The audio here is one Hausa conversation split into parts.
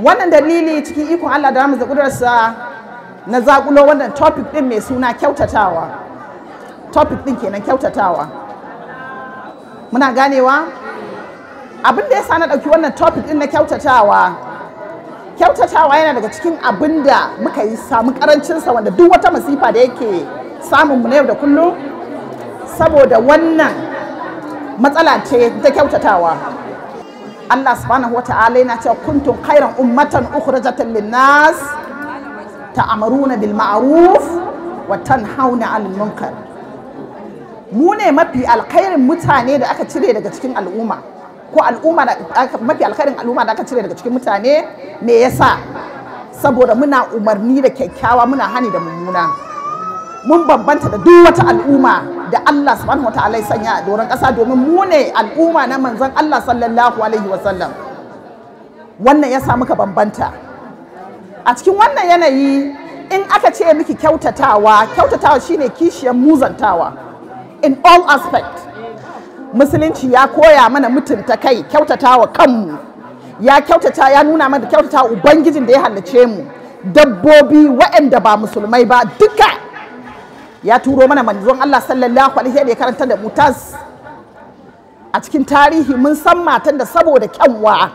wannan dalili cikin ikon Allah da ramu zaƙudurarsa na zaƙulo wannan topic ɗin mai suna kyautatawa topic ɗin kenan kyautatawa muna ganewa abin da ya sa na ɗauki wannan topic ɗin na kyautatawa kyautatawa yana daga cikin abin da muka yi samu ƙarancinsa wanda duk wata masifa da yake samun mu na yau da kullum saboda wannan matsala ce ta kyautatawa Allah subhanahu wata'ala yana cewa kuntum khairan ummatan ukhrajatan linnas ta'amuruna bil ma'ruf wa tanhauna 'anil munkar mu ne mafi alkhairin mutane da aka cire daga cikin al'umma ko al'umma mafi alkhairin al'umma da aka cire daga cikin mutane me yasa saboda muna umarni da kyakkyawa muna hani da mummuna mun bambanta da duk wata al'umma da Allah subhanahu wataala ya sanya a doron ƙasa domin mu ne al'umma na manzon Allah sallallahu alaihi wa Sallam. wannan ya sa muka bambanta a cikin wannan yanayi in aka ce miki kyautatawa kyautatawa shine kishiyar muzantawa in all aspect musulunci ya koya mana mutunta kai kyautatawa kanmu ya kyautata ya nuna mana kyautatawa ubangijin da ya halice mu dabbobi waɗanda ba musulmai ba duka ya turo mana manzon Allah sallallahu alaihi wa ya karanta da mutas. a cikin tarihi mun san matan da saboda kyanwa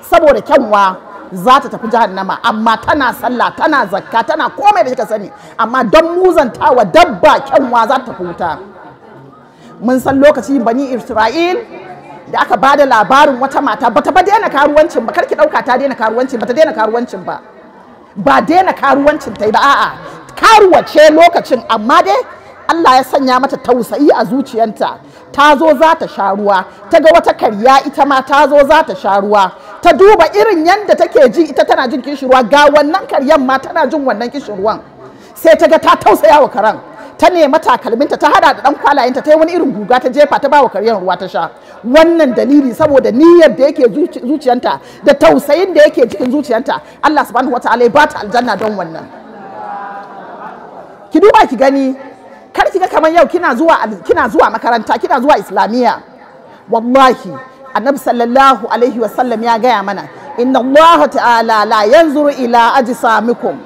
saboda kyanwa za ta tafi jahannama amma tana sallah tana zakka tana komai da kika sani amma don muzantawa dabba kyanwa za ta tafi wuta mun san lokaci bani isra'il da aka ba da labarin wata mata bata ba daina karuwancin ba karki dauka ta daina karuwancin bata daina karuwancin ba ba daina karuwancin ta ba a'a karuwa ce lokacin amma dai Allah ya sanya mata tausayi a zuciyanta ta zo za ta sha ruwa ta ga wata karya ita ma ta zo za ta sha ruwa ta duba irin yadda take ji ita tana jin kishirwa ga wannan karyan ma tana jin wannan kishirwan sai ta ga ta tausaya wa karan ta nema takalminta ta hada da dan kwalayenta ta yi wani irin guga ta jefa ta bawa karyan ruwa ta sha wannan dalili saboda niyyar da yake zuciyanta da tausayin da yake cikin zuciyanta Allah subhanahu wataala ya bata aljanna don wannan ki duba ki gani kar ki ga kamar yau kina zuwa kina zuwa makaranta kina zuwa islamiyya wallahi annabi sallallahu alaihi sallam ya gaya mana inna allaha ta'ala la yanzuru ila ajsamikum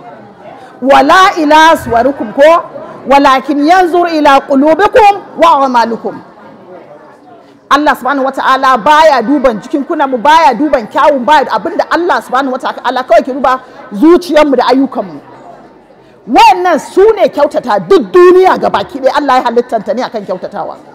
wala ila suwarukum ko walakin yanzuru ila qulubikum wa amalukum Allah subhanahu wata'ala baya duban jikin kuna mu baya duban kyawun baya abinda Allah subhanahu wata'ala kawai ki duba zuciyarmu da ayyukanmu wannan su ne kyautata duk duniya ga baki ɗaya Allah ya halittanta ne akan kyautatawa